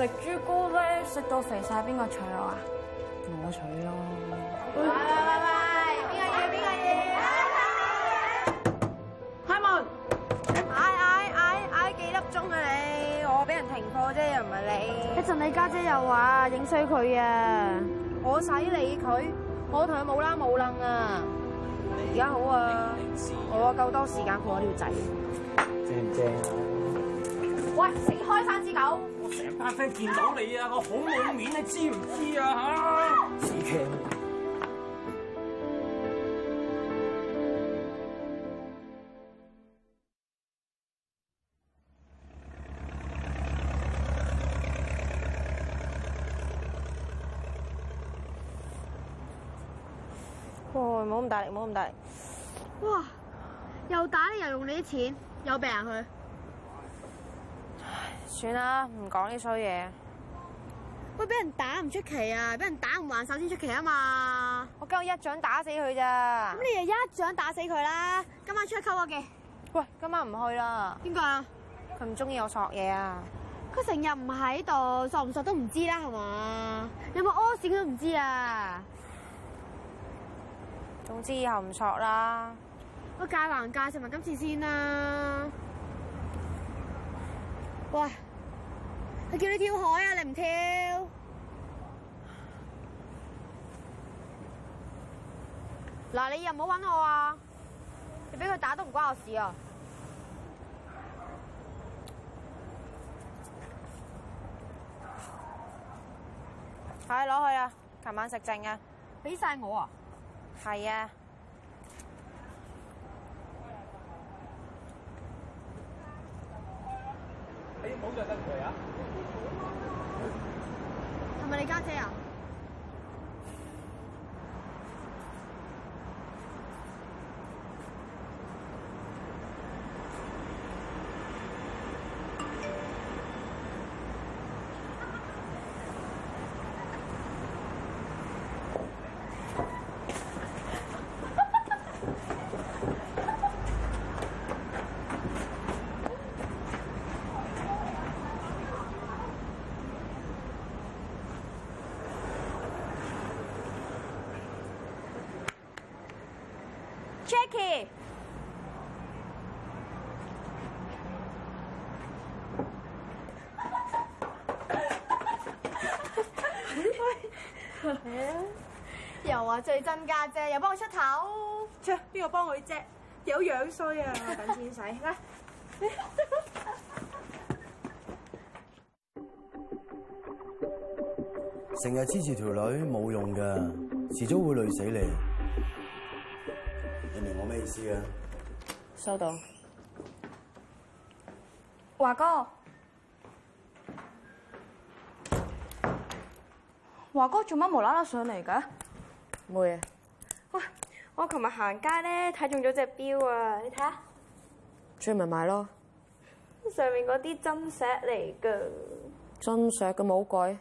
食朱古力食到肥晒，邊個娶我啊？我娶咯！喂，喂喂喂，邊個嘢邊個嘢，開門！嗌嗌嗌嗌幾粒鐘啊你！你我俾人停課啫，又唔係你一陣你家姐，姐又話影衰佢啊！我使理佢，我同佢冇啦冇楞啊！而家好啊！我夠多時間過呢條仔正唔正啊？喂，食開三支狗！成班 friend 見到你啊，我好冇面，你知唔知啊？嚇！唔好咁大力，冇咁大力！哇！又打你，又用你啲錢，有病佢！算啦，唔講呢衰嘢。喂，俾人打唔出奇啊！俾人打唔還手先出奇啊嘛！我今日一掌打死佢咋！咁你又一掌打死佢啦！今晚出去溝我嘅。喂，今晚唔去啦。點解啊？佢唔中意我索嘢啊！佢成日唔喺度，索唔索都唔知啦，係嘛？有冇屙屎都唔知啊！總之以後唔索啦。我戒還戒，食埋今次先啦。喂，佢叫你跳海啊！你唔跳嗱，你又唔好搵我啊！你俾佢打都唔關我事啊！係攞、哎、去啊！琴晚食剩嘅，俾晒我啊！係啊！唔好再跟佢啊！係咪、哎啊、你家姐，姐啊？又話最真家啫，又幫我出頭。唱邊個幫佢啫？有樣衰啊！等錢使。成日支持條女冇用噶，遲早會累死你。明我咩意思啊？收到。華哥，華哥做乜無啦啦上嚟噶？冇嘢。喂，我琴日行街咧，睇中咗隻表啊！你睇下。出去咪買咯。上面嗰啲真石嚟噶。真石嘅冇鬼，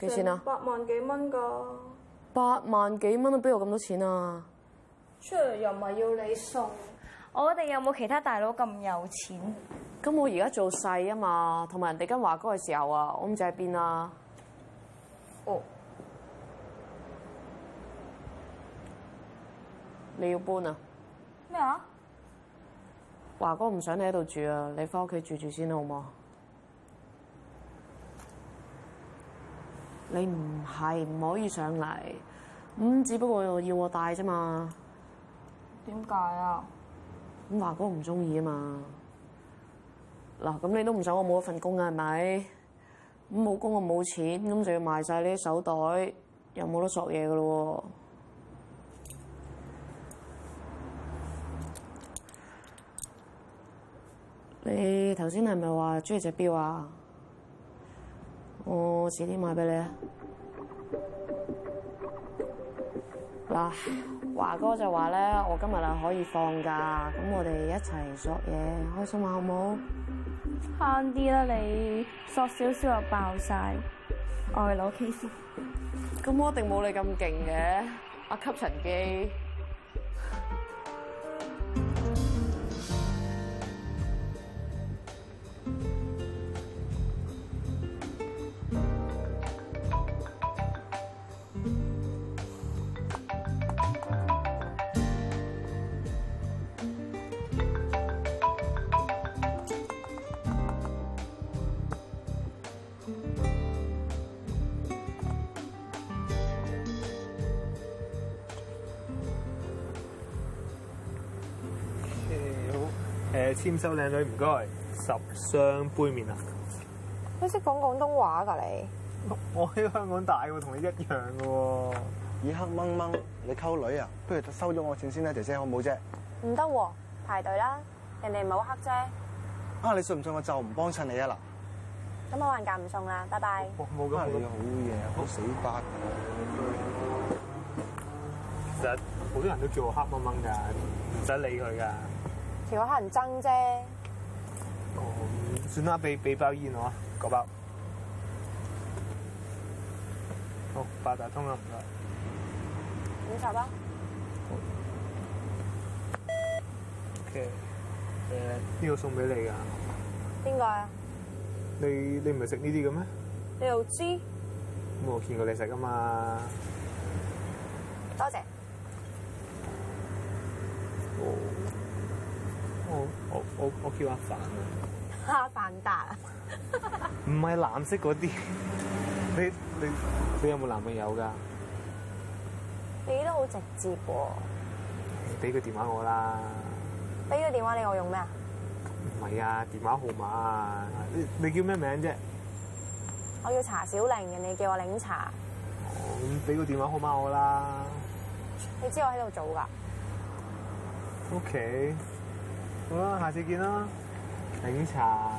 幾錢啊？八萬幾蚊噶。八萬幾蚊都俾我咁多錢啊？出嚟又唔係要你送，我哋有冇其他大佬咁有錢？咁、嗯、我而家做細啊嘛，同埋人哋跟華哥嘅時候啊，我唔知喺邊啊。哦，你要搬啊？咩啊麼？華哥唔想你喺度住啊，你翻屋企住住先好冇？你唔係唔可以上嚟咁、嗯，只不過要我帶啫嘛。點解啊？咁華哥唔中意啊嘛，嗱，咁你都唔想我冇一份工啊？係咪？咁冇工我冇錢，咁就要賣晒呢啲手袋，又冇得索嘢噶咯？ 你頭先係咪話中意隻表啊？我遲啲買俾你啊！嗱。 華哥就話咧，我今日啊可以放假，咁 我哋一齊索嘢，開心下好唔好？慳啲啦，你索少少就爆晒，我去攞 K 先。咁我一定冇你咁勁嘅，阿、啊、吸塵機。簽收靚女唔該，十雙杯麪啊！你識講廣東話㗎你？我喺香港大喎，同你一樣喎。以黑掹掹，你溝女啊？不如收咗我錢先啦，姐姐好唔好啫？唔得喎，排隊啦！人哋唔好黑啫。啊！你信唔信我就唔幫襯你啊嗱？咁好運架唔送啦拜拜。bye bye。哇！冇咁嘅好嘢，好我死法。其實好多人都叫我黑掹掹㗎，唔使理佢㗎。條可能爭啫。哦、嗯，算啦，俾包煙我，九包。通八達通又唔得。五十八？好。O K。呢個送俾你噶。邊個啊？你你唔係食呢啲嘅咩？你又知？我冇見過你食㗎嘛。多謝,謝。哦我我我叫阿凡啊！阿凡達啊！唔係藍色嗰啲。你你你有冇男朋友噶？你都好直接喎。俾個電話我啦。俾個電,電話你我用咩啊？唔係啊，電話號碼啊。你叫咩名啫？我叫查小玲，人哋叫我檸茶。哦，俾個電話號碼我啦。你知我喺度做噶？O K。Okay. 好啦、啊，下次見啦，檸茶。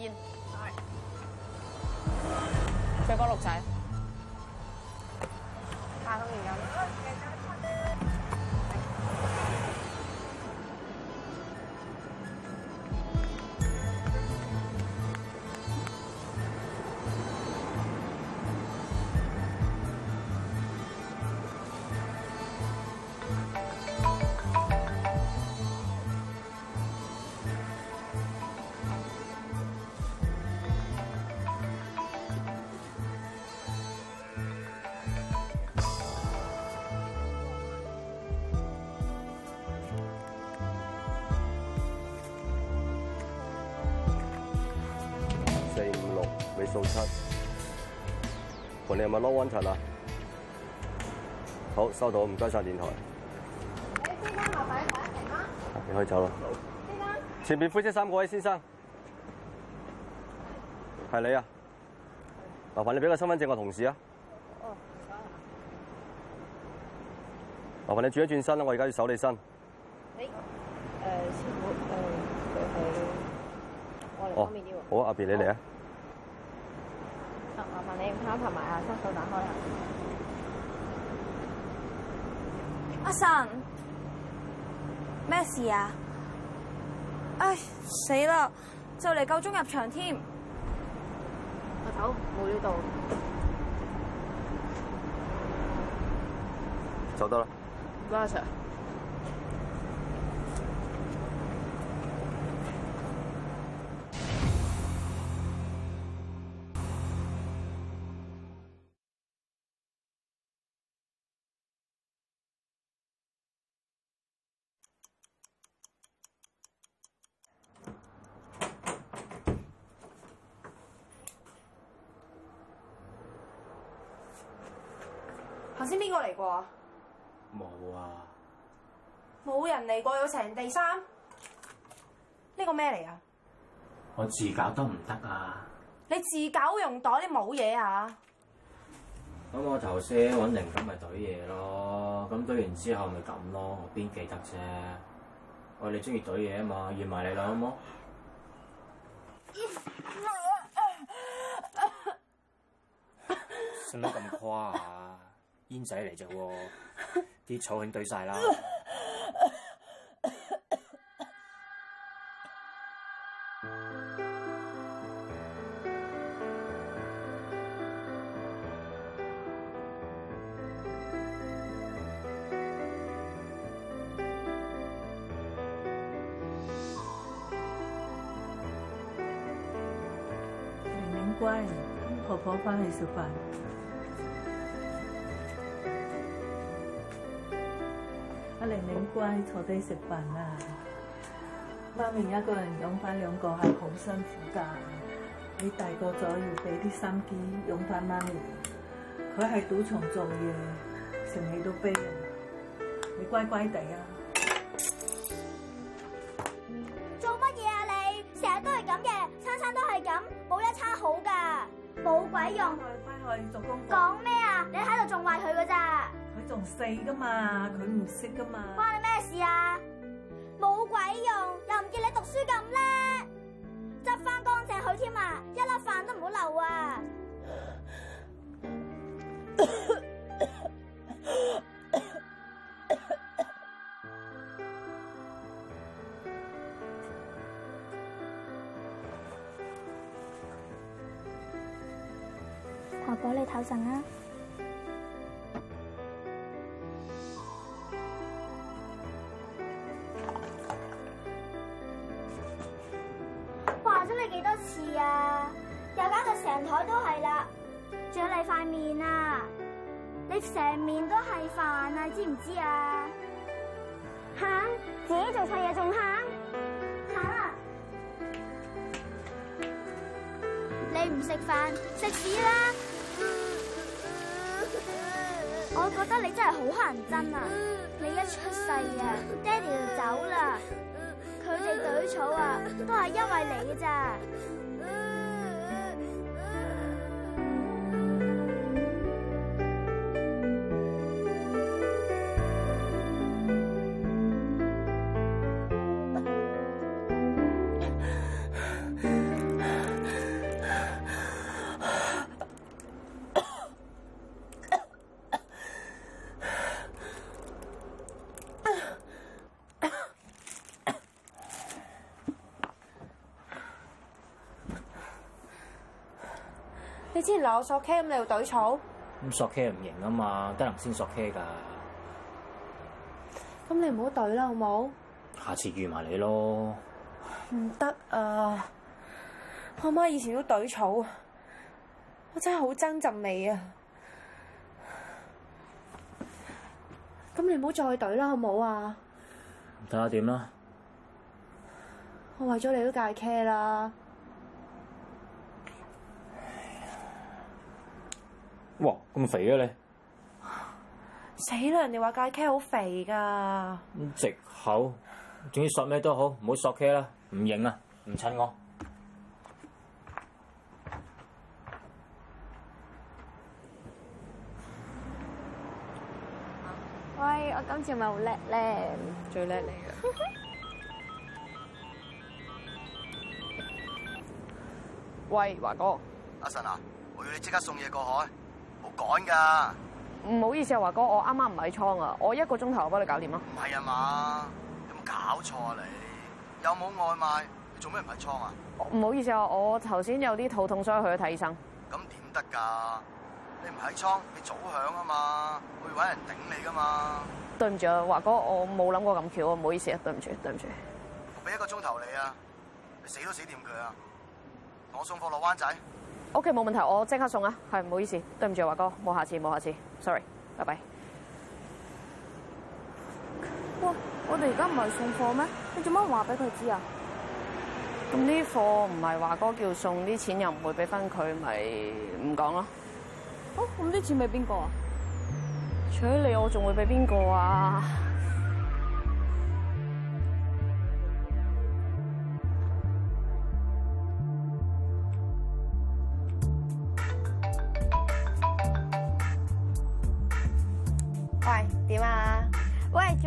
音。四五六尾數七，盤你係咪撈溫塵啊？好收到，唔該晒電台。你一間話擺一擺一平你可以走啦。好。呢前面灰色衫嗰位先生，係你啊？麻煩你俾個身份證我同事啊。哦，得。麻煩你轉一轉身啦，我而家要搜你身。誒、hey. uh,，方便啲喎。好，阿 B 你嚟啊。你唔卡埋啊，伸手打開下。阿臣，咩事啊？唉，死啦，就嚟夠鐘入場添。阿頭，冇呢度，找到了。唔該阿 Sir。冇啊！冇人嚟過，有成地三？呢、這個咩嚟啊，啊？我自搞得唔得啊？你自搞用袋，你冇嘢啊！咁我頭先搵靈感咪隊嘢咯，咁隊完之後咪咁咯，我邊記得啫、啊？喂，你中意隊嘢啊嘛？約埋你啦，好冇？ 信得咁誇啊？煙仔嚟啫喎！啲草興對晒啦。你唔關， 林林乖跟婆婆翻去食飯。你乖，坐低食飯啦。媽咪一個人養翻兩個係好辛苦噶。你大個咗要俾啲心機養翻媽咪。佢喺賭場做嘢，成日都悲。你乖乖地啊！嗯、做乜嘢啊你？成日都係咁嘅，餐餐都係咁，冇一餐好噶，冇鬼用去翻去做工作。講咩啊？你喺度縱壞佢噶咋？仲細噶嘛，佢唔識噶嘛。關你咩事啊？冇鬼用，又唔見你讀書咁叻，執翻乾淨去添啊！一粒飯都唔好漏啊！婆婆，呃、你唞陣啊。咁你幾多次啊？又搞到成台都係啦，仲有你塊面啊！你成面都係飯啊，知唔知啊？喊，自己做錯嘢仲喊，喊啦！啊！你唔食飯，食屎啦！我覺得你真係好乞人憎啊！你一出世啊，爹哋就走啦。佢哋隊草啊，都係因為你咋？你之前鬧我索 K，咁你又隊草？咁索 K 唔贏啊嘛，得能先索 K 㗎。咁你唔好隊啦，好冇？下次遇埋你咯。唔得啊！我媽以前都隊草，我真係好憎陣味啊！咁你唔好再隊啦，好冇啊？睇下點啦。我為咗你都戒 K 啦。哇，咁肥啊你！死啦！人哋話戒 K 好肥噶。咁直口，總之索咩都好，唔好索 K 啦，唔影啊，唔襯我。喂，我今次咪好叻咧！最叻你嘅。 喂，華哥。阿臣啊，我要你即刻送嘢過海。冇趕噶，唔好意思啊，華哥，我啱啱唔喺倉啊，我一個鐘頭我幫你搞掂啊。唔係啊嘛，有冇搞錯啊你？有冇外賣，你做咩唔喺倉啊？唔好意思啊，我頭先有啲肚痛，所以去咗睇醫生。咁點得噶？你唔喺倉，你早響啊嘛，會搵人頂你噶嘛？對唔住啊，華哥，我冇諗過咁巧啊，唔好意思啊，對唔住，對唔住。我俾一個鐘頭你啊，你死都死掂佢啊！我送貨落灣仔。O.K. 冇問題，我即刻送啊！係，唔好意思，對唔住華哥，冇下次，冇下次，sorry，拜拜。哇！我哋而家唔係送貨咩？你做乜話俾佢知啊？咁呢貨唔係華哥叫送，啲錢又唔會俾翻佢，咪唔講咯。哦，咁啲錢俾邊個啊？除咗你，我仲會俾邊個啊？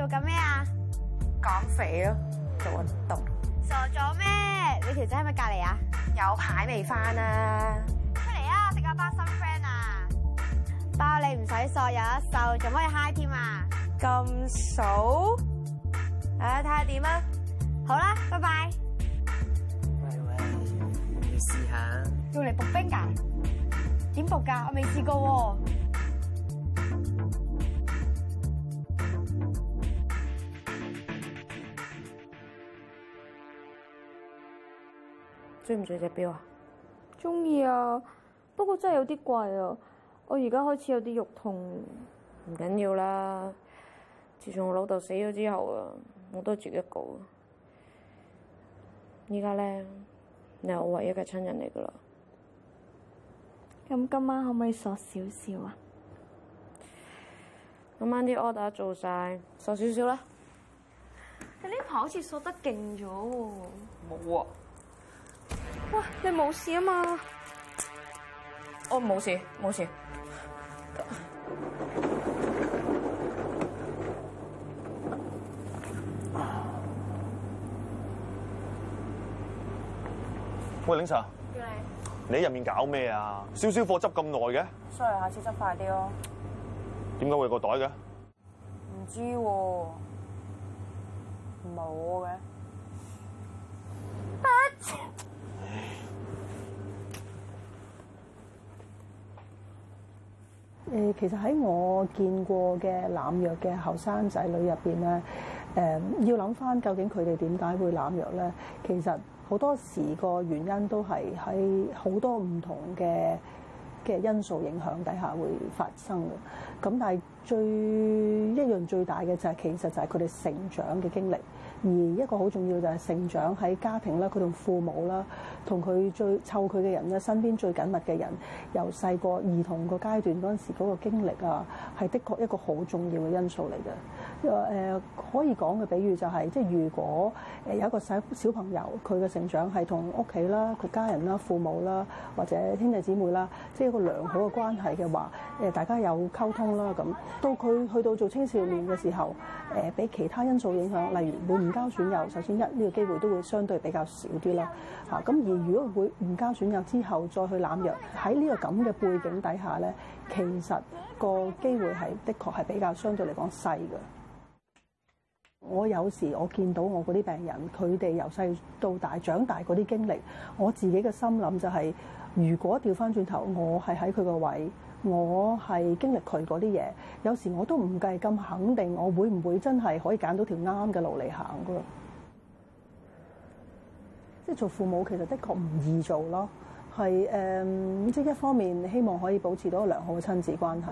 做緊咩啊？減肥咯，做運動。傻咗咩？你條仔係咪隔籬啊？有排未返啊？出嚟啊！識下班新 friend 啊！包你唔使索，有一瘦，仲可以嗨添啊！咁數，嚟睇下點啊！好啦，拜拜。喂喂，要試下。用嚟薄冰噶？點薄噶？我未試過喎。中唔中意隻錶啊？中意啊，不過真係有啲貴啊。我而家開始有啲肉痛，唔緊要啦。自從我老豆死咗之後啊，我都住自己一個。依家咧，你係我唯一嘅親人嚟噶啦。咁今晚可唔可以索少少啊？今晚啲 order 做晒，索少少啦。你呢排好似索得勁咗。冇啊。你冇事啊嘛？我、哦、冇事，冇事。喂，領 Sir，嗎你喺入面搞咩啊？燒燒貨執咁耐嘅？sorry，下次執快啲咯。點解會有個袋嘅？唔知喎、啊，冇嘅。誒、呃，其實喺我見過嘅濫藥嘅後生仔女入邊咧，誒，要諗翻究竟佢哋點解會濫藥咧，其實好多時個原因都係喺好多唔同嘅嘅因素影響底下會發生嘅。咁但係最一樣最大嘅就係、是、其實就係佢哋成長嘅經歷。而一個好重要就係成長喺家庭啦，佢同父母啦，同佢最湊佢嘅人咧，身邊最緊密嘅人，由細個兒童個階段嗰陣時嗰個經歷啊，係的確一個好重要嘅因素嚟嘅。誒可以講嘅比喻就係、是，即係如果誒有一個細小，小朋友，佢嘅成長係同屋企啦、佢家人啦、父母啦或者兄弟姊妹啦，即係一個良好嘅關係嘅話，誒大家有溝通啦咁，到佢去到做青少年嘅時候，誒、呃、俾其他因素影響，例如會唔交損友，首先一呢個機會都會相對比較少啲啦。嚇、啊、咁而如果會唔交損友之後再去濫藥喺呢個咁嘅背景底下咧，其實個機會係的確係比較相對嚟講細嘅。我有時我見到我嗰啲病人，佢哋由細到大長大嗰啲經歷，我自己嘅心諗就係、是，如果調翻轉頭，我係喺佢個位，我係經歷佢嗰啲嘢，有時我都唔計咁肯定，我會唔會真係可以揀到條啱嘅路嚟行㗎？即係做父母其實的確唔易做咯，係誒，um, 即係一方面希望可以保持到良好嘅親子關係。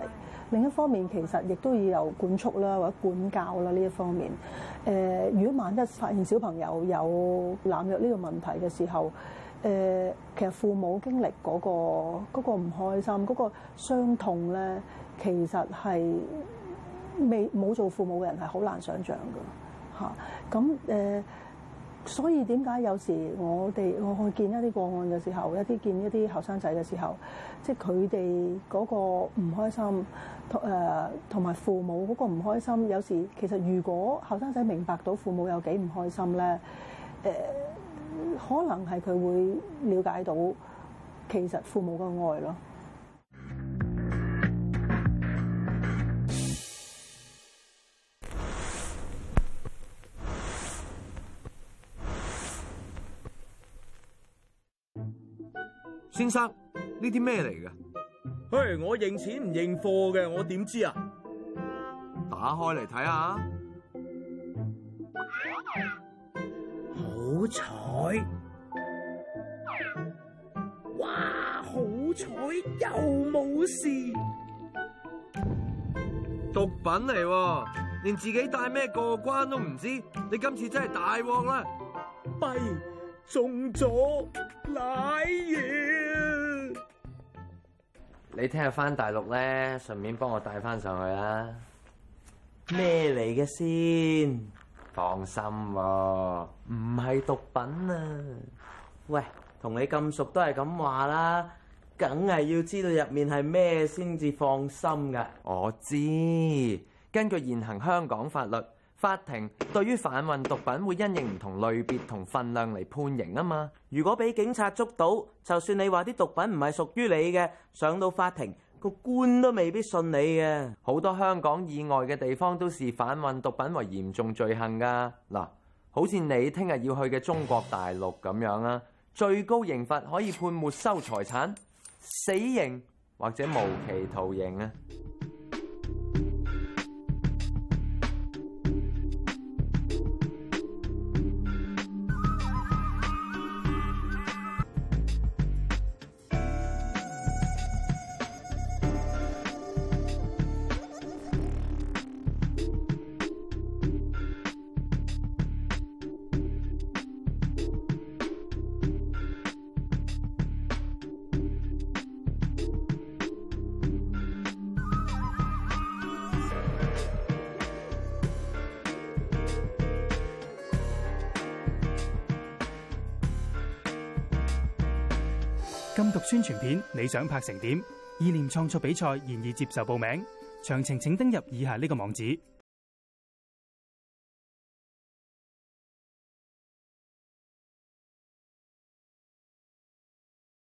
另一方面，其實亦都要有管束啦，或者管教啦呢一方面。誒、呃，如果萬一發現小朋友有濫藥呢個問題嘅時候，誒、呃，其實父母經歷嗰、嗰個唔、嗰個、開心、嗰、嗰個傷痛咧，其實係未冇做父母嘅人係好難想像㗎。嚇、啊，咁誒。呃所以點解有時我哋我去見一啲個案嘅時候，一啲見一啲後生仔嘅時候，即係佢哋嗰個唔開心，誒同埋父母嗰個唔開心，有時其實如果後生仔明白到父母有幾唔開心咧，誒、呃、可能係佢會了解到其實父母嘅愛咯。生，呢啲咩嚟嘅？嘿，hey, 我認錢唔認貨嘅，我點知啊？打開嚟睇下。好彩！哇，好彩又冇事。毒品嚟喎，連自己帶咩過關都唔知，你今次真係大鑊啦！弊，中咗奶鹽。你聽日翻大陸咧，順便幫我帶翻上去啦。咩嚟嘅先？放心喎、啊，唔係毒品啊！喂，同你咁熟都係咁話啦，梗係要知道入面係咩先至放心㗎。我知，根據現行香港法律。法庭對於販運毒品會因應唔同類別同分量嚟判刑啊嘛！如果俾警察捉到，就算你話啲毒品唔係屬於你嘅，上到法庭個官都未必信你嘅。好多香港以外嘅地方都視販運毒品為嚴重罪行噶。嗱，好似你聽日要去嘅中國大陸咁樣啊，最高刑罰可以判沒收財產、死刑或者無期徒刑啊！讀宣傳片，你想拍成點？意念創作比賽現已接受報名，詳情請登入以下呢個網址。